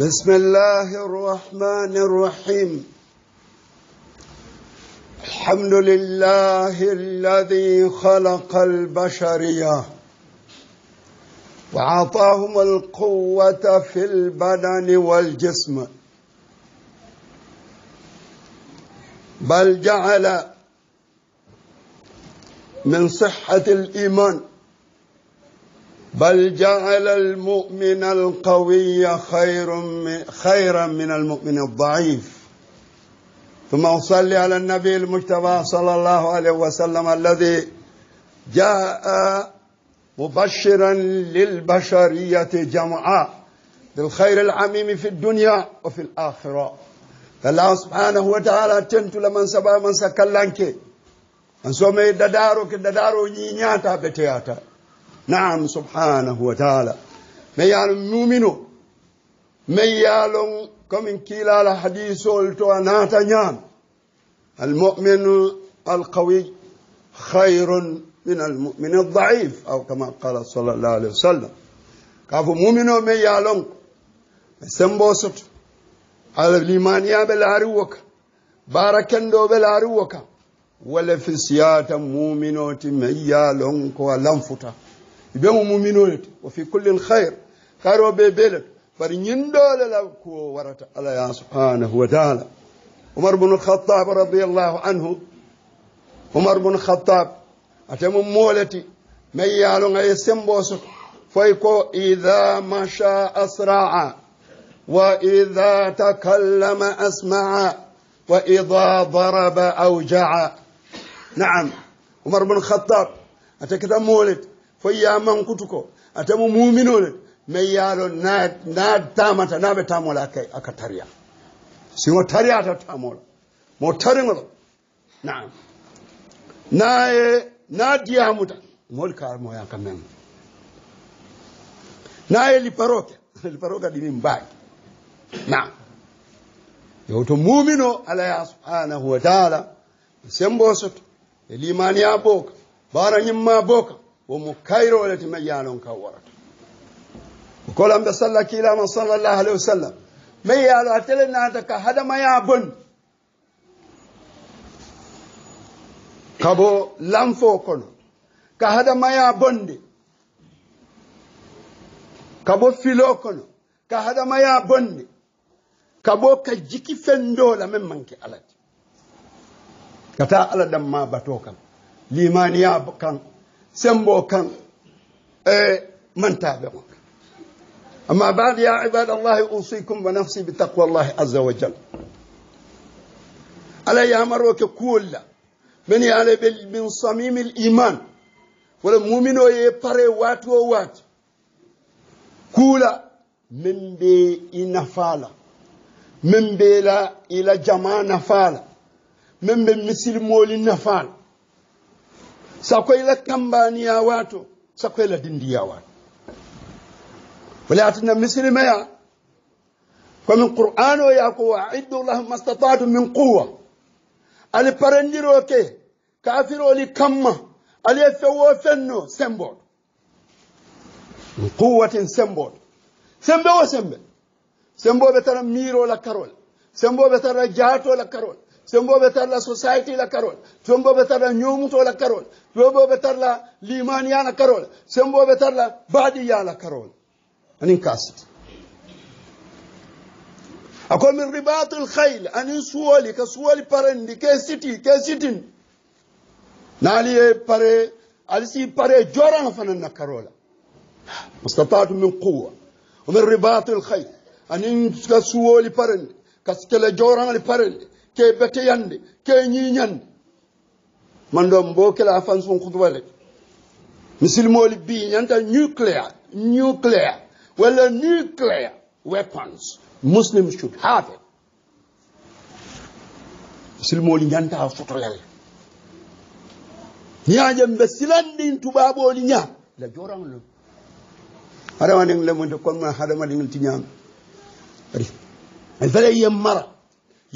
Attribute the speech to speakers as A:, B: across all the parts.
A: بسم الله الرحمن الرحيم الحمد لله الذي خلق البشرية وعطاهم القوة في البدن والجسم بل جعل من صحة الإيمان بل جعل المؤمن القوي خير خيرا من المؤمن الضعيف ثم أصلي على النبي المجتبى صلى الله عليه وسلم الذي جاء مبشرا للبشرية جمعاء بالخير العميم في الدنيا وفي الآخرة فالله سبحانه وتعالى تنت لمن سبا من سكلنك أن سومي ددارك ددارو نيناتا بتياتا نعم سبحانه وتعالى نؤمن مؤمنو يعلم كم كلا الحديث ولتو ناتنيان المؤمن القوي خير من المؤمن الضعيف أو كما قال صلى الله عليه وسلم كافو مؤمنو يعلم سنبوسط على بلاروك بارك الله بلاروك ولا في سياتا يعلم تميال ولنفتا بهم مؤمنون وفي كل خير خير وبيبلك فرنين دولة لكو ورطة الله سبحانه وتعالى عمر بن الخطاب رضي الله عنه عمر بن الخطاب أتم مولتي من يالون يسم بوسك فيكو إذا ما شاء أسرع وإذا تكلم أسمع وإذا ضرب أوجع نعم عمر بن الخطاب أتكتم مولتي ko yaman kutuko atemu muminole mai na na tamata na be tamola kai aka tarya si wo tarya ta tamola mo taringo na'am na e na diya muta mol kar mo yaka men na e li paroke li dini mbaki na'am yawto mumino ala ya subhanahu wa ta'ala sembo soto e limani boka bara nyimma boka Wa womo kayro leti ma yalon ka warata kolam be salla kilama sallallahu alaihi wasallam ma yalo na nata ka hadama ya bon kabo lamfo kono ka hada hadama ya bonde kabo filo kono ka hada hadama ya bonde kabo ka jiki fendo la men manke alati kata ala damma batokan, kam limaniya kan سمبو كان إيه، من تابعك أما بعد يا عباد الله أوصيكم ونفسي بتقوى الله عز وجل على يا مروك كل من على من صميم الإيمان ولا مؤمن يبري وات ووات كولا من بي نفالا من بي لا إلى جماعة نفالا من بي مسلمو لنفالا sakoyla kambaniya wato sakoyla dindiya wato ولكن مثل ما فمن قرآن ويقوى قوة عد الله ما استطعتم من قوة على برنديرو كي كافرو لي كم على فو فنو سمبور من قوة سمبول سمبول سمبول سمبول بتر ميرو لا كارول سمبول بتر جاتو لا كارول تيومبو بتر لا سوسايتي لا كارول تيومبو بتر لا نيومتو لا كارول تيومبو بتر لا ليمانيا لا كارول تيومبو بتر لا باديا لا كارول انين كاست اكو من رباط الخيل انين سوالي كسوالي بارندي كي سيتي كي سيتين نالي باري علسي باري جوران فنن كارولا مستطاعت من قوه ومن رباط الخيل انين كسوالي بارندي كسكلا جوران لي بارندي ke bete yande ke ñiñande man ɗon mbokila fan son hutubale misilmoli bi ñanta nucléaire nucléaire walla nucléaire weapons muslims should have it misilmoli ñanta fotolel ñaaƴen ɓe silanɗin tubaɓoli ñaam la joran lon haɗamaɗen lemonde comme haɗamaɗen tiñaam ari ay fele yen mara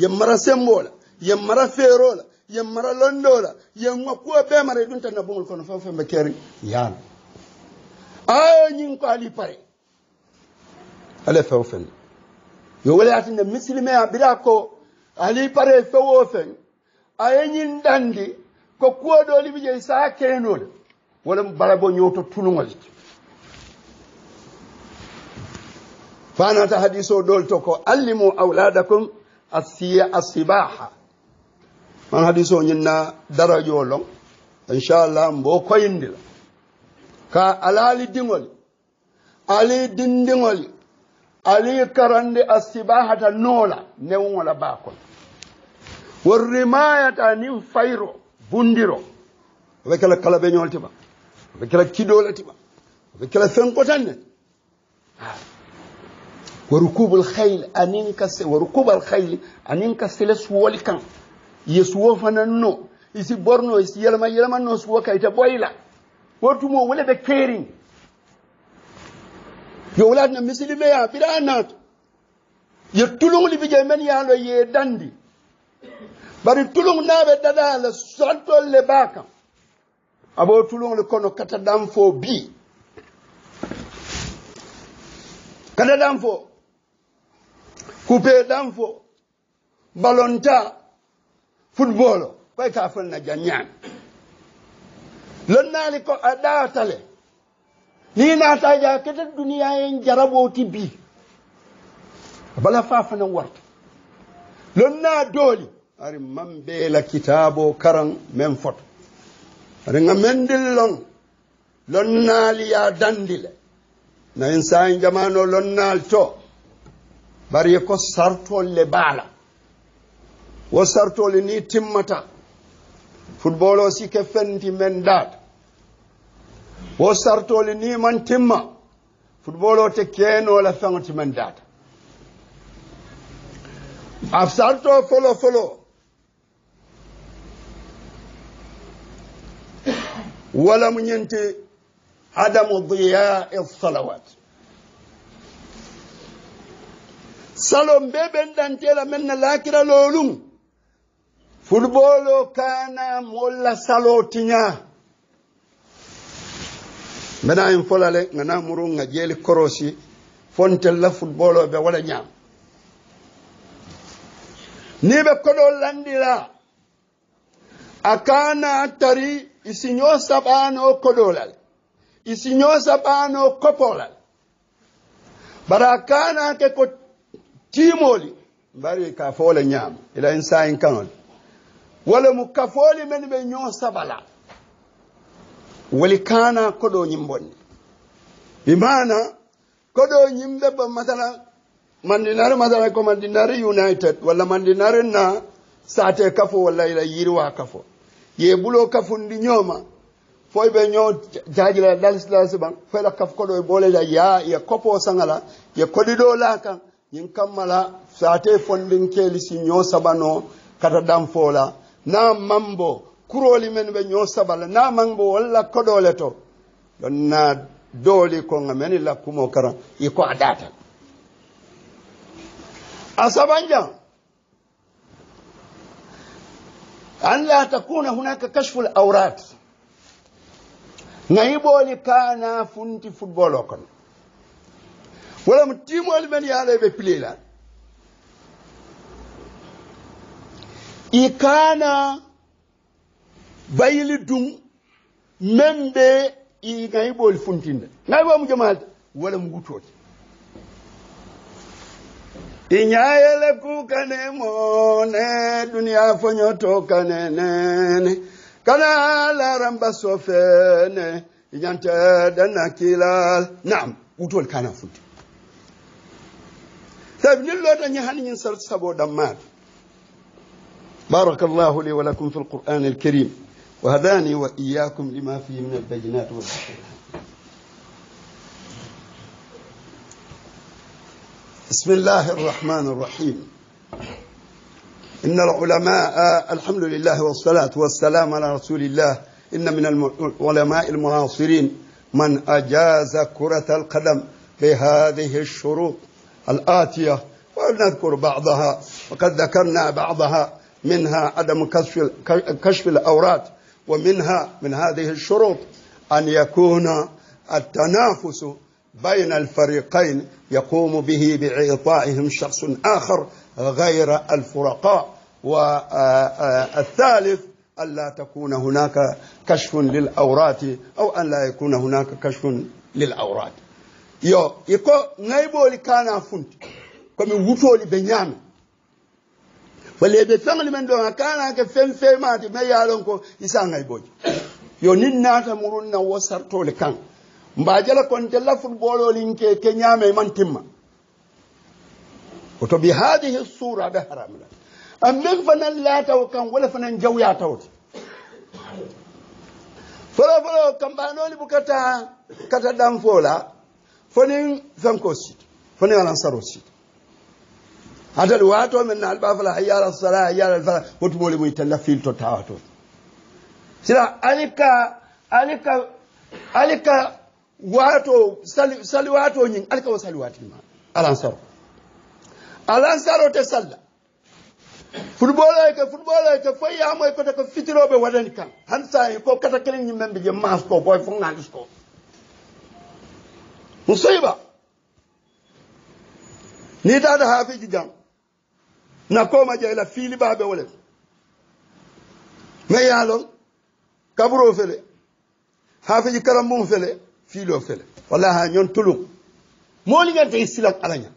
A: mara sembola yemmara feerola mara londola yemma kuwa bee mara ɗum tan kono fen fembe keri yaano ayo ñin ko ali pare ala fewo fen yo walayatinde misilime a ɓira ko ali pare fewo fen aye dandi ko kuwa ɗoli ɓi jey sa kenole wala bala bo ñowto tulugol fanata hadis dol to ko allimu awladakum asibaha man hadiso nyinna darajo long inshallah mbo koyindila ka alali dingol ali dindingol ali karande asibahata nola newŋola bakol rimayata nin fayro bundiro oɓe kela kala beñol tiɓa oɓe kela kidole tiɓa وركوب الخيل أنينكس وركوب الخيل أنينكس لسوا لكان يسوا فنانو يسي بورنو يسي يلما يلما نو سوا كايتا بويلا ورتمو ولا بكيرين يا ولادنا مثل ما يا بلانات يتلون لي من يالو يداندي bari tulung naɓe daɗale soltolle baka abo tulungle kono kata ɗan fo bi kata ɗan فو coupé danfo balonta football koy ka fonna jagnan lonnali ko adatale ni na taja kete duniya en jarabo tibbi bala fafana wart lonna doli ari mambe la kitabo karan men foto ari ngamendil lon lonnali ya dandile na insa en jamano lonnal to bari ko sartolle bala wo sartole ni timmata football o ke fenti men dat wo sartole ni man timma football o te keenola fenti men dat a sarto folo folo wala mu nyente adamu diya salawat salon be ɓen ɗantela men na lakira lolum fulɓolo kana molla salo tiña mbena en folale ngana muru ga jeeli korosi fontella fulɓolo ɓe waɗa ñam ni ɓe koɗo landira a kana tari isiño saɓano koɗolal isiño saɓano kopolal bara kana ke ko tiimooli mbari ka foole ñaam ila en saayin kanol walla mu kafooli men ɓe ñoo sabala woli kaana koɗo ñim bonni i maana koɗo ñimde ba masala mandinare masala ko mandinare united walla mandinare na saate kafo walla ila yirwa kafo ye ɓulo kafundi ñooma foy ɓe ñoo jaajila dalislasi ban foyla kaf koɗo e ɓoolela yaa ya koppo sangala ya koɗiɗo laa kan ñiŋ kammala saate fondin keli si ñoo sabano kata danfola na mambo maŋ bo kurooli meŋ be ñoo sabala na mambo bo walla kodole to ɗon na dooli ko meni la kumo kara i ko a data a sabanjaŋ an la takuna hunaka kashfu aurat awrat kana funti futbolo kono wala mtimwali men yaala ɓe pilelal i kana bayili dum men ɓe i funtinde funtinda gayɓamu jamalde wala mu wutode iñayele kukane mone duniya foñoto kane nene kana laramba sofene iñante danna kilal naam wutol kana funti طيب لله أن ينصر سبو دمار بارك الله لي ولكم في القرآن الكريم وهداني وإياكم لما فيه من البينات والحكمة بسم الله الرحمن الرحيم إن العلماء الحمد لله والصلاة والسلام على رسول الله إن من العلماء المعاصرين من أجاز كرة القدم بهذه الشروط الآتية ونذكر بعضها وقد ذكرنا بعضها منها عدم كشف كشف الأورات ومنها من هذه الشروط أن يكون التنافس بين الفريقين يقوم به بإعطائهم شخص آخر غير الفرقاء والثالث ألا تكون هناك كشف للأورات أو أن لا يكون هناك كشف للأورات yo iko ŋayɓooli kana funti komi wutooli ɓe ñaami walla be feŋli men ɗon kana kanake fen femati ma yaalon ko isa ŋayɓooji yo nin naata murun na wo sartooli kan mbaajala konte la futboololin nke ke ñaame man timma oto bi hadihi sura ɓe haramla an ɓen fanan laataw kan wala fanan jawyatawte folo folo kambanoli bukata kata damfola fonin fenko sita fonin alansaro sita atal wato men naali ɓa fala hayya ala sala hayya ala fala wotu ɓole moy talla fil to tawa to sila alika alika alika wato sali, sali wato ñing alika wo sali watinima alansaro alansaro te salla football ay ke football ay ke foy yamoy kote ko fitiroɓe waɗani kan han sa ko kata kelen ñimmen ɓe je mas ko boy fo ko husayba ni taata haafiiji jam nakkooma jeyla fiili baabe wole mai yaalon kaburoo fele haafiiji karambum fele fiiloo fele wallah ha ñon tulum mooni ngen tagi silak alaña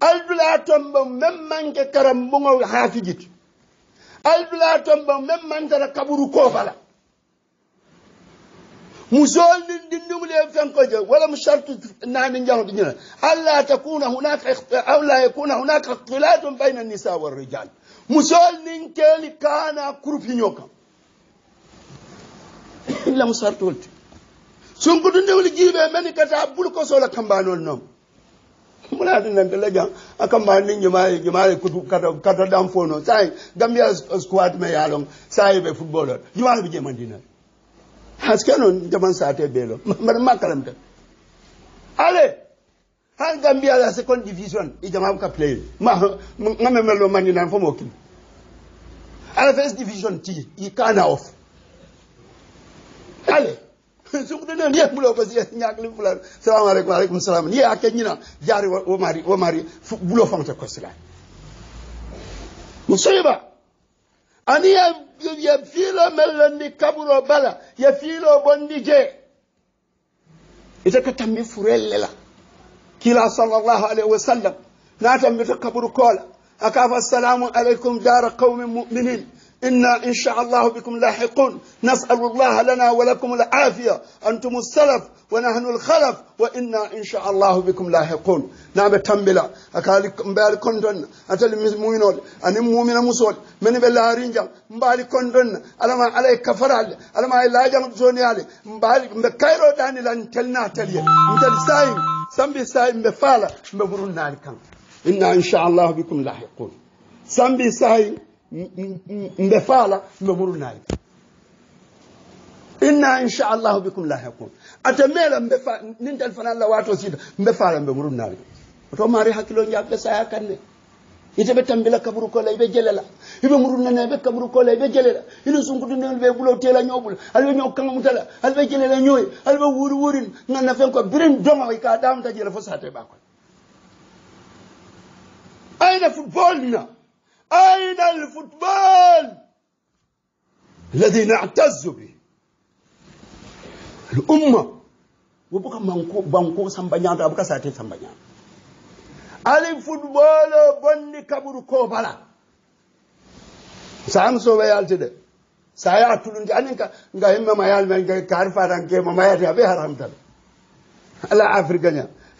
A: aldula tomba mem manke karambugo haafijit aldula tomba mem mantara kaburu koofala musolni dindum leen fenko je wala mu shartu nani njangu dina alla takuna hunaka aw la yakuna hunaka ikhtilatun bayna an-nisa war-rijal musolni keli kana kurfi nyoka illa musartu wulti sun ko dunde wuli jibe men kata bul ko sola kambanol nom mula dina be leja akamba ni nyuma nyuma ko kado kado dam fono say gambia squad me yalong say be footballer nyuma be je mandina haske non jaman sate belo mbar makalam ta ale han gambia la second division i jama ka play ma ngame melo mani nan fo mokim ala first division ti i kana off ale sukde nan yak bulo ko si nyak lim fulan salam alaikum alaikum salam ni ak ñina jari wo mari wo mari bulo fam ta ko sila musiba ani ye fiilo mellondi kaburo bala ye fiilo bondi jee ite ka tammi furelle la kila sallallahu alaihi wasallam na tambita kaburu kola akafa assalamu alaikum dara qaumin mu'minin إنا إن شاء الله بكم لاحقون نسأل الله لنا ولكم العافية أنتم السلف ونحن الخلف وإنا إن شاء الله بكم لاحقون نعم تنبلا أكالي مبالي كندن أتالي مؤمنون أن مؤمن مسول من بالله رنجا مبالي كندن ألا ألما علي كفرال ما إلا جمع زونيالي مبالي مبكيرو داني لن تلنا تلي متل سايم سنبي سايم بفالة مبرون نالي إنا إن شاء الله بكم لاحقون سنبي سايم mbefala mbemuru mbemurunaayi inna insha inchallahu bikum lahiqun ate meela mbefa nindal tan fana la waato siida mbefala mbemurunaayi oto maari hakkilo jaɓɓe saya kanne ite ɓe tambila kaburu ko iɓe jelela ibe muru murunnana be kaburu ko iɓe jelela ilu sungu sunkudunel be bulo tela nyobul alɓe nyok kanga mutala alɓe jelela nyoy alɓe wuru wurin nana fen ko birin doma doga ka damta ta fo sate ɓa kon ayna football na أين الفوتبال الذي نعتز به الأمة وبقى بانكو بانكو سامبانيا سامبانيان ساتي سامبانيا ألي الفوتبال بني كبر كوبالا سامسو بيالتي ده saya a tulun ani ka nga himma mayal men ka arfa ran ke ma mayati abe haram tal ala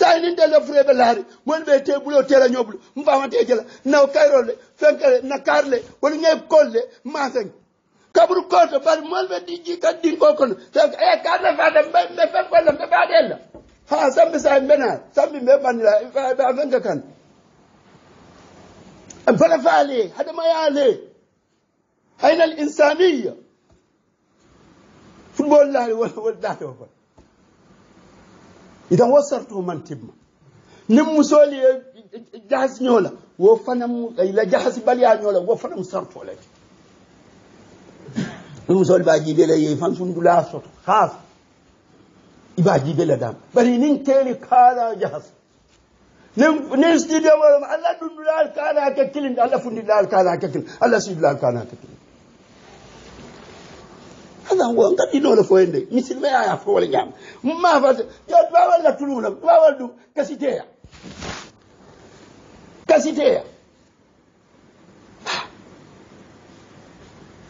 A: sayinin dele fure be laari mon be te bulo tela ñobul mfama te naw kayrole fenkale na karle wala ngay kolle masen kabru koto bari mon di ji kat din ko e eh, karle fa dem be kolle be ha sambi say mena sambi be banila eh, eh, ba fenka kan am faale hada ma yaale hayna al football laari wala wala إذا وصلت من تبما نمسولي جهز نيولا وفنم إلى جهز بليا نيولا وفنم سرت ولك نمسولي باجي إيه، بلا يفان سندلا صوت خاف يباجي بلا دام برينين تيلي كالا جهز نمسدي دوالا الله دندلا كالا ككلين الله فندلا كالا ككلين الله سيدلا كالا ككلين هذا هو قد نولا فويندي مثل ما يا فول جام ما فات جاد ما ولا تلونا ما ولدو كسيتيا كسيتيا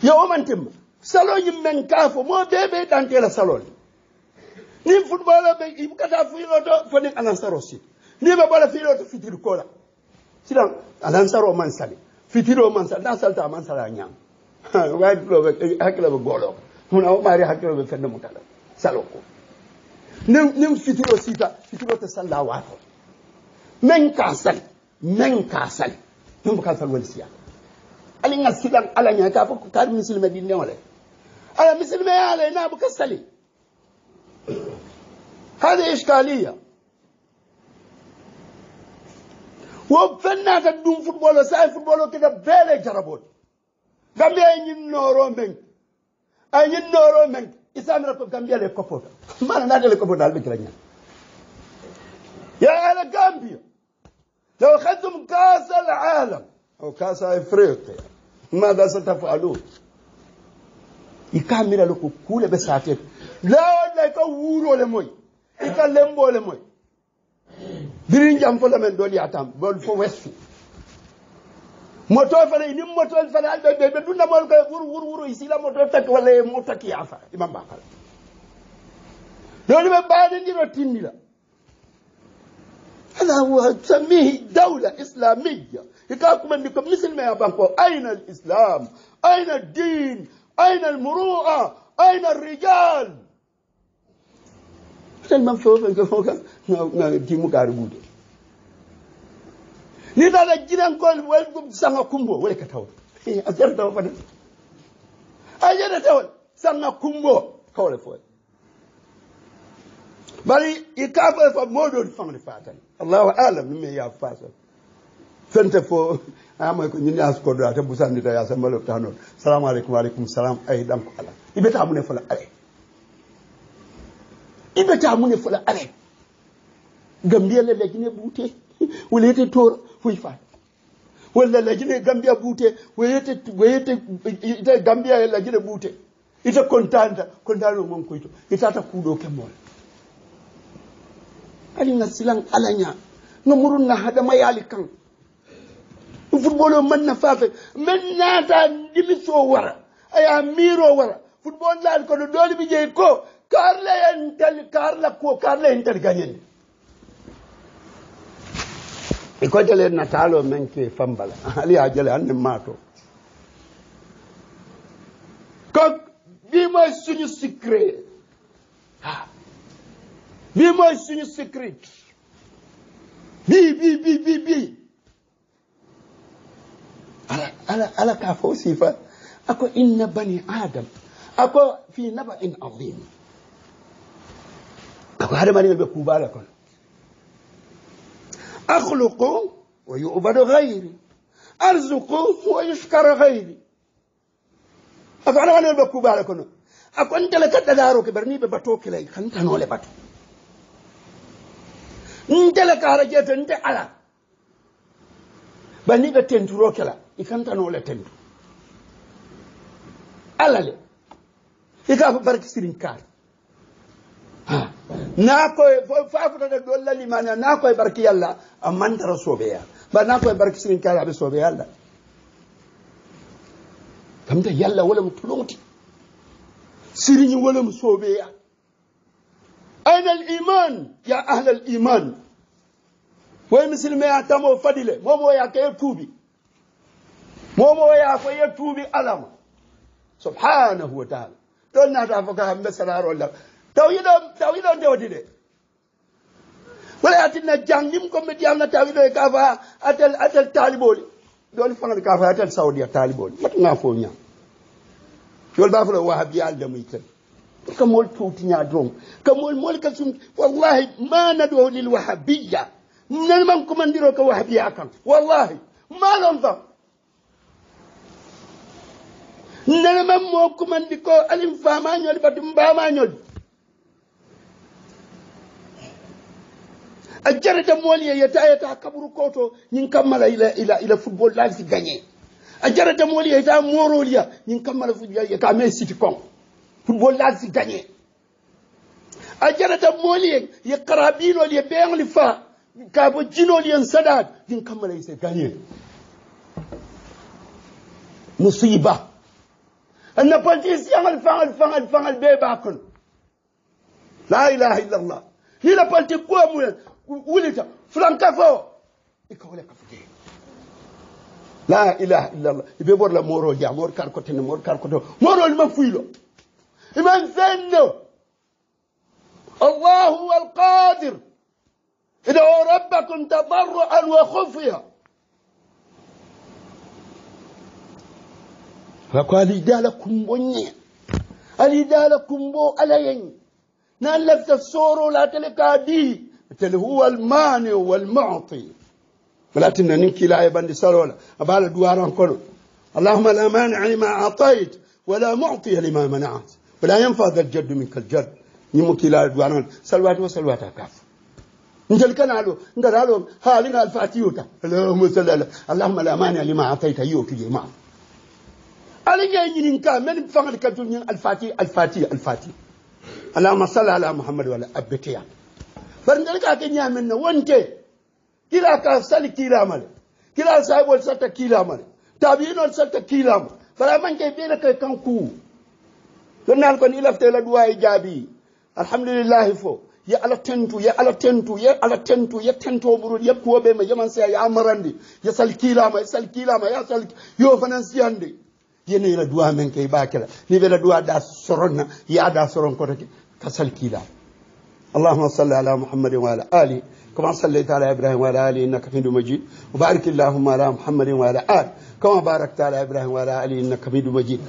A: يوم انتم سالوي من كافو مو بيبي ni footballer be ibu kata filo to fo si ni be bala filo to fitir kola sidan alansaro man sali fitiro man sali dan salta man sala nyam be hakla be هنا ماري حكيم بفند مطالع سلوكه نم نم فيتلو سيتا فيتلو تسال لواحد من كاسل من كاسل نم كاسل ونسيا ألين عسيلان ألين يا كابو كارم مسلم الدين ولا ألا مسلم يا ألا نابو كاسلي هذا إشكالية وفنا كدوم فوتبول ساي فوتبول كده بيل جربوت غامبيا ني نورو ay noro men isamira ko gambia le kopota mana na le kopota al bikra nyaa يا أهل جامبيا لو خدتم كأس العالم أو كأس أفريقيا ماذا ستفعلون؟ يكمل لكم كل بساتين لا ولا يكورو لموي يكلمبو لموي برين جام فلا من دولي أتام بول فو ويسفي moto fana ni moto fana albe be be dunna mol koy wur wur wur isi la moto tak wala mo tak ya fa imam ba kala lolu be baade ndiro timmi la هذا هو تسميه دولة إسلامية يقاكم أنكم مثل ما يا بانكو أين الإسلام أين الدين أين المروءة أين الرجال هذا الممشوف أنكم دي مكاربوده ni tala jirankol wel gum sanga kumbo wala ka taw a jar tawol fa a jar tawol sanga kumbo kawle fo bari i ka fa fa modo di fanga fatan allah alam ni me ya fa so fente fo amay ko ñun yaas ko do ta busandi ta yaas mbalo ta non salam alaykum wa alaykum salam ay dan ko ala ibe ta mune fala ale ibe ta mune fala ale gambiya le le gine bute wulete tor huifai walla lajine gambia buute woyete woyete ita gambia e lajine buute ita kontanta kontano mon koyto itata kuuɗo kemmol ali ga silan alaña ga murun na hadamayali kan football o manna fafe min naata dimiso wara aya miro wara football laal kono dole mi jeeyi ko karla en tel karla ko karla en tali gañende ikotele natalo men ke fambala ali ajale an mato ko bi moy suñu secret bi moy suñu secret bi bi bi bi bi ala ala ala ka fo sifa ako inna bani adam ako fi naba in azim ako hada mari be kubala kono أخلق ويعبد غيري أرزق ويشكر غيري أفعل أنا بكو بالكنا أكون تلك تدارك برني ببتو كلاي خن تنول بتو نتلك هرجة نت على برني بتنترو كلا يخن تنول تنترو على لي يكاف برك سرين كارت na koy fafutata dolla limaniya na koye barki yalla a mantara sobeya ba na koye barki sirin kala aɓe sobe yalla kamta yalla wala mo tulonti siriñi wala mo sobeya ayna al iman ya ahla al iman woye misilmeya tamo fadile momo ya ka ye tuubi momo ya fo ye tuubi alama subhanahu wa taala ɗon nata fo ka hambe sararo allah tawhido tawhido nde wadi de wala atinna jandim komɓe ɗiyamna tawhido e kafa atel atel taliɓoli ɗoli fanade kafa atel saudia taliɓoli matna fo ñam yol ba fula wahabi aldamuy tan ka mol towtiña doom ka mol mol ka sum wallahi ma nadoo lil wahabiya nan man commandiro ka wahabiya kan wallahi ma lon dam nan man mo commandi ko alim famañol batum mbamañol da moolu ya yeta yeta kaburu koto ñiŋ kammala ila ila ila football la si gagné ajarata moolu ye yeta mooroolu ya football ya yeta mee siti koŋ football la si gagné ajarata moolu ye ye karabiinoolu ye beeŋoli faa ka bo jinoolu ye sadaat ñiŋ kammala ise gagné musiba أن بوليسيان الفان الفان الفان البيباكن la ilaha إلا الله هي لا بوليتيكو ولد فلان كفو لك فدي لا اله الا الله يبي بور لا مورو يا مور كاركوتين مور كاركوتو مورو ما فيلو ايمان زنو الله هو القادر ادعوا ربكم تضرعا وخفيا فقال لكم بني لكم بو على ين نالف تسورو لا تلقى دي اللي هو المانع والمعطي بلاتنا نمكي لا يبان لسالولا أبال الدواران كله اللهم لا مانع لما أعطيت ولا معطي لما منعت ولا ينفع ذا الجد منك الجد نمكي لا الدواران سلوات وسلوات كاف انت اللي كان علو انت لنا هالنا الفاتيوتا اللهم صل الله اللهم لا مانع لما أعطيت يوتي جماعه ألي جاي نكا من فغل كتون الفاتي الفاتي الفاتي اللهم صل على محمد وعلى أبتيان da ka ke yamin na wonte kila ka sali kila mal kila wal sata kila mal wal sata kila mal fara man bi da kai kan ku donnal kon ilafte la duwa e jaabi alhamdulillah fo ya ala tentu ya ala tentu ya ala tentu ya tento buru ya be ma yaman sai ya amarandi ya sal kila ya sal ma ya sal yo fanan siyande yene la duwa men ke bakela ni be la duwa da soron ya da soron ko ka sal kilama اللهم صل على محمد وعلى آله كما صليت على إبراهيم وعلى آله إنك حميد مجيد وبارك اللهم على محمد وعلى آله كما باركت على إبراهيم وعلى آله إنك حميد مجيد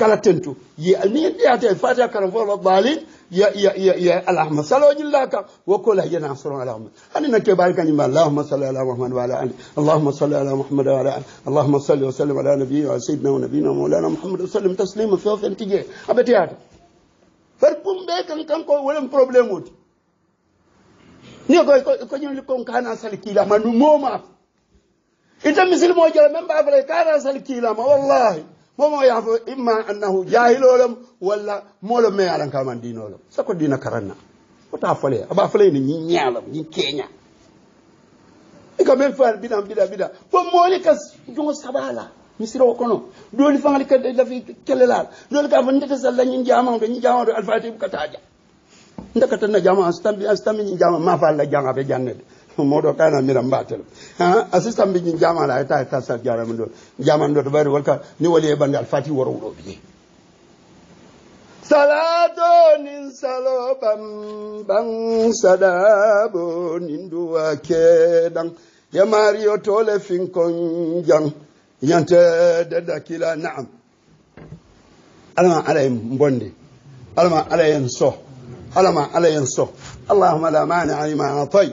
A: كالتنتو يا نين يا تي فاتا كان فور بالين يا يا يا يا اللهم صل وجل لك وكل هي ناصر على امه انا نكي بارك ان اللهم صل على محمد وعلى ال اللهم صل على محمد وعلى ال اللهم صل وسلم على نبينا وسيدنا ونبينا مولانا محمد صلى الله عليه وسلم تسليما في وفي انتجاه ابي تياتي فرقم بيك ان كان كو ولم بروبليم وتي ni koy ko ñu likkon kana sal kilama nu moma ita misilmo jole même ba fale kana sal kilama wallahi momo yafo imma annahu jahilolom walla molo me alan kaman dinolom sako dina karanna ota fale aba fale ni ñi ñalam ñi kenya ika men fa bidam bida bida fo moli kas jongo sabala misiro kono doli fangali kadde la fi kelelal doli ka fo ndete sal la ñi jamam ko ñi jamam do alfatim kataja ndakatanna jama asitambiñin jama ma falla jangaɓe jannede moɗo kayna mira mbatel assistant mbiñin jamala ta tasal jaramen ɗo jaman ɗo to ɓayri wolka ni wali e bande alfati woro wuɗo salato salatonin salo bam bamban sadabo nin duwa keɗan ya mario tole finkon jan yante deda kila naam alama ala en alama ala en so alama ala yen so allahumma la mani alima atay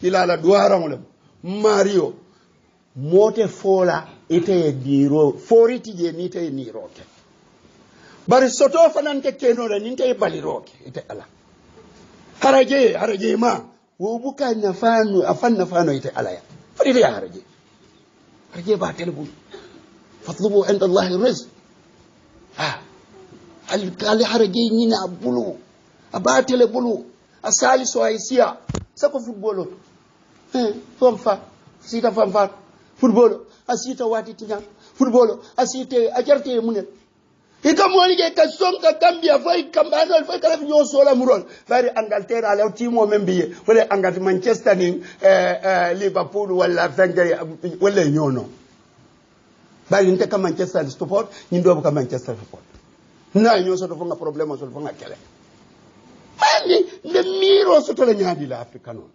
A: kilala duwaranolem mario mote fola iteye diro foriti je ni teye niroke bari soto fanante kenore nin teye baliroke ite ala haraje haraje ma wo buka nafanu afan nafano ite ala ya farite ya haraje haraje ba telbu fatlubu inda allahi rizq ah al kali haraje nyina bulu a batele bulu a saliso ay siya sako football to eh fam fa sita fam fa football a sita wati tinya football a sita a jarte munel ika moni ka som ka kambia fai kambano fai kala nyo sola muron fai angaltera ala timo membiye wala angat manchester ni eh, eh, liverpool wala fengeri wala nyono bali nte ka manchester support nyindo ka manchester support na nyo so do fanga problem so fanga kele kweli nde miro miiro sotole la afrika noon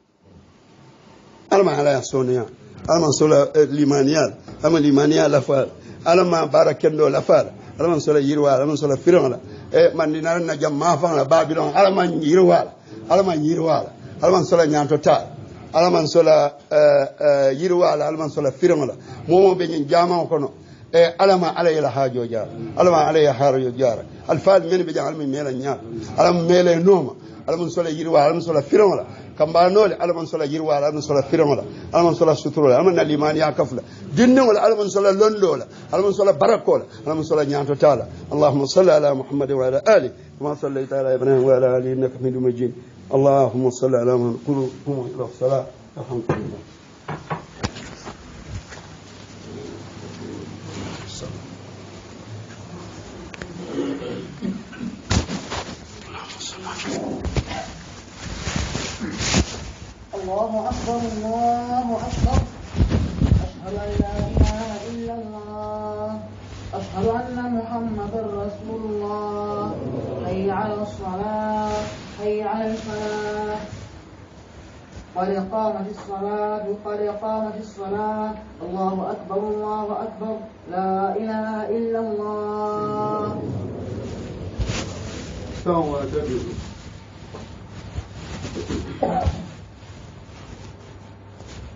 A: alama ala sonoya alama sola eh, limaniyal alama limaniya lafaala alama barakendo kendo lafaala alama sola yirwala alama sola firola e eh, mandinara na jam mafala babilon alama yirwala alama yirwala alama sola ñaato taala alama sola eh, yirwala alama sola firola momo ɓe ñin jamao kono إيه، ألم علي حاجه جار ألم علي حار جار الفاد من بدي علم ميل نيا ألم ميل النوم ألم من صلى ألم على فيرم ولا كم بانول ألم من صلى ألم على فيرم ولا ألم على من ولا ألم على من الايمان يعكفلا دين ولا ألم من صلى ولا ألم من بركة ولا ألم من صلى تطالا اللهم صل على محمد وعلى اله كما صليت على ابنه وعلى اله انك حميد مجيد اللهم صل على محمد قوموا الى الصلاه الحمد لله الله أكبر الله أكبر أشهد أن لا إله إلا الله أشهد أن محمدا رسول الله حي على الصلاة حي على الفلاح قد قامت الصلاة قد قامت الصلاة الله أكبر الله أكبر لا إله إلا الله استوى تجد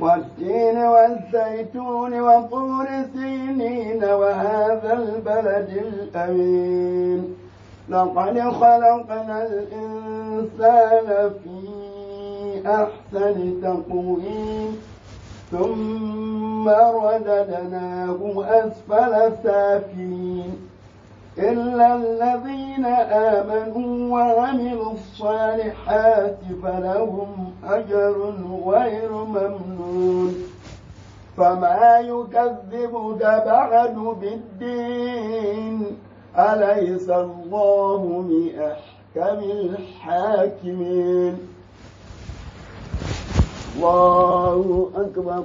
A: والتين والزيتون وطور سينين وهذا البلد الأمين لقد خلقنا الإنسان في أحسن تقويم ثم رددناه أسفل سافلين إلا الذين آمنوا وعملوا الصالحات فلهم أجر غير ممنون فما يكذبك بعد بالدين أليس الله بأحكم الحاكمين الله أكبر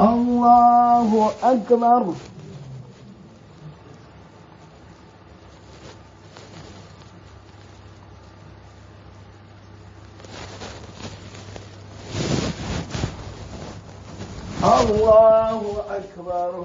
A: الله أكبر الله أكبر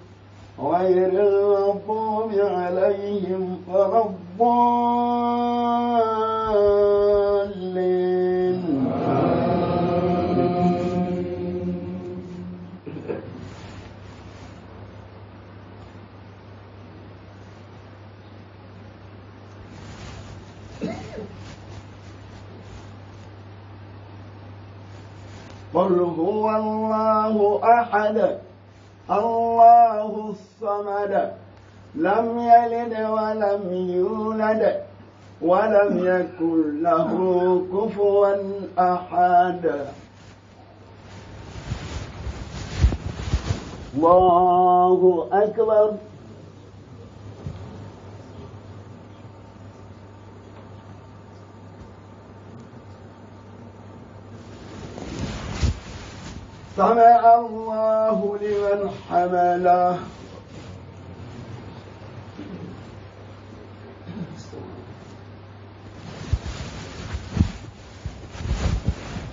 A: غير المغضوب عليهم ولا الضالين قل هو الله أحد الله الصمد لم يلد ولم يولد ولم يكن له كفوا أحد الله أكبر سمع الله لمن حمله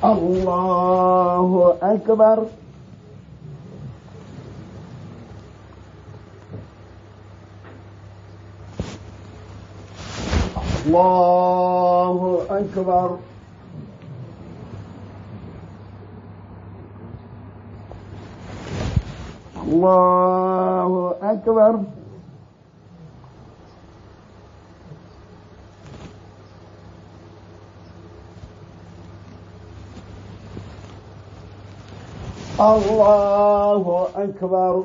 A: الله أكبر الله أكبر الله أكبر الله أكبر